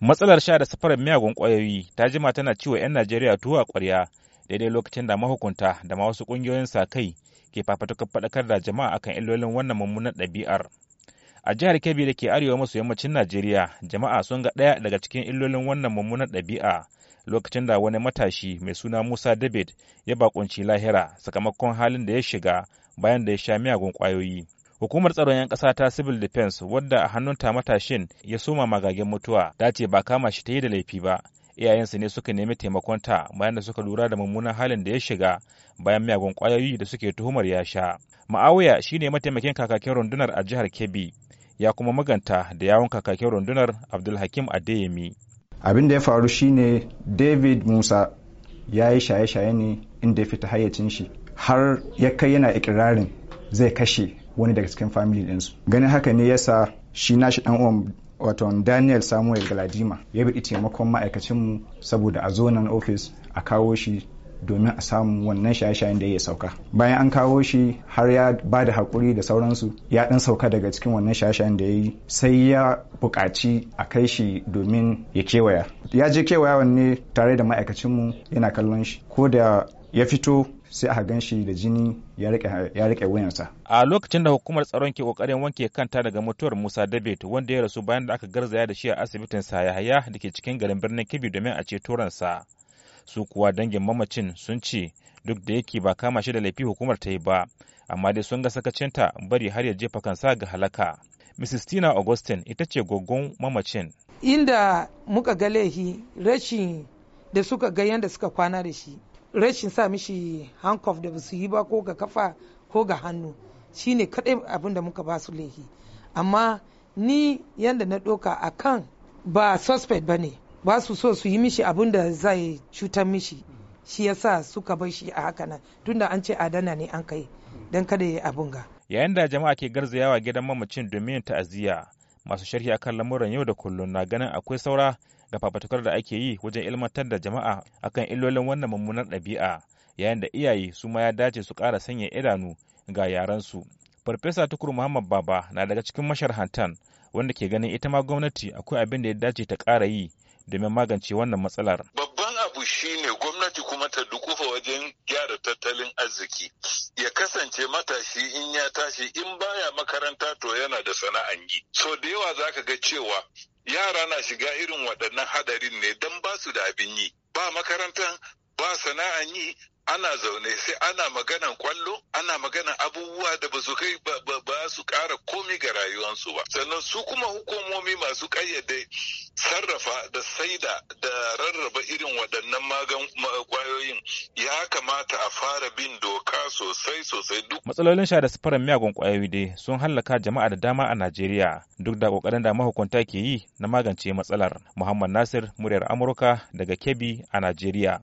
matsalar sha da safarar miyagun ƙwayoyi ta jima tana ciwo 'yan najeriya tuwa ƙwarya daidai lokacin da mahukunta da ma wasu ƙungiyoyin sa kai ke fafatukar faɗakar da jama'a akan illolin wannan mummunan ɗabi'ar a jihar kebbi da ke arewa maso yammacin najeriya jama'a sun ga ɗaya daga cikin illolin wannan mummunan ɗabi'a lokacin da wani matashi mai suna musa david ya baƙunci lahira sakamakon halin da ya shiga bayan da ya sha miyagun ƙwayoyi Hukumar tsaron 'yan ƙasa ta Civil Defense wadda a hannunta matashin ya soma magagen mutuwa ta ce ba kama shi ta yi da laifi ba. Iyayensa ne suka nemi taimakon ta bayan da suka lura da mummunan halin da ya shiga bayan miyagun kwayoyi da suke tuhumar ya sha. ma'awuya shine mataimakin kakakin rundunar a jihar Kebbi ya kuma maganta da yawon kakakin rundunar Abdulhakim Adeyemi. Abin da ya faru shine David Musa ya yi shaye-shaye ne inda ya fita hayyacin shi har ya kai yana ikirarin zai kashe wani daga cikin family su ganin haka ne yasa shi nashi dan uwan wato daniel samuel galadima ya bi taimakon ma'aikacin mu saboda a zo nan ofis a kawo shi domin a samu wannan shaye-shayen da ya sauka bayan an kawo shi har ya ba da haƙuri da sauransu ya ɗan sauka daga cikin wannan shaye-shayen da ya yi sai ya buƙaci a kai shi domin ya kewaya ya je kewaya wanne tare da ma'aikacin mu yana kallon shi ko da ya fito sai aka gan shi da jini ya rike wuyansa. A lokacin da hukumar tsaron ke kokarin wanke kanta daga mutuwar Musa Dabet wanda ya rasu bayan da aka garzaya da shi a asibitin Sayahaya da ke cikin garin birnin Kebbi domin a ceto ransa. Su kuwa dangin mamacin sun ce duk da yake ba kama shi da laifi hukumar ta yi ba, amma dai sun ga sakacinta bari har ya jefa kansa ga halaka. Mrs. Tina Augustine ita ce gogon mamacin. Inda muka ga laifi rashin da suka ga yadda suka kwana da shi. rashin sa mishi hankof da ba su yi ba ko ga kafa ko ga hannu shine kadai abin da muka ba su laifi amma ni yadda na ɗauka a kan ba suspect ba ne ba su so su yi mishi abin da zai cutar mishi shi ya sa suka bar shi a haka nan tunda an ce adana ne an kai don kada ya yi abin ga yayin da jama'a ke garzayawa gidan mamacin domin ta'aziyya masu sharhi akan lamuran yau da kullum na ganin akwai saura ga fafatukar da ake yi wajen ilmantar da jama'a akan illolin wannan mummunar ɗabi'a yayin da iyaye su ma ya dace su ƙara sanya idanu ga yaransu farfesa tukur muhammad baba na daga cikin masharhantan wanda ke ganin ita ma gwamnati akwai abin da ya dace ta ƙara yi domin magance wannan matsalar abu shine gwamnati kuma ta dukufa wajen gyara tattalin arziki ya kasance matashi in ya tashi in baya makaranta to yana da sana'an yi so da yawa za ka ga cewa yara na shiga irin waɗannan hadarin ne don ba su da abin yi ba makarantan ba sana'an yi ana zaune sai ana maganan kwallo ana maganan abubuwa da ba su kai ba su kara komi ga rayuwarsu ba sannan su kuma hukumomi masu kayyade sarrafa da saida da rarraba irin waɗannan magan kwayoyin ya kamata a fara bin doka sosai sosai duk matsalolin sha da sufurin miyagun kwayoyi dai sun hallaka jama'a da dama a Najeriya duk da kokarin da mahukunta ke yi na magance matsalar Muhammad Nasir muryar Amurka daga Kebbi a Najeriya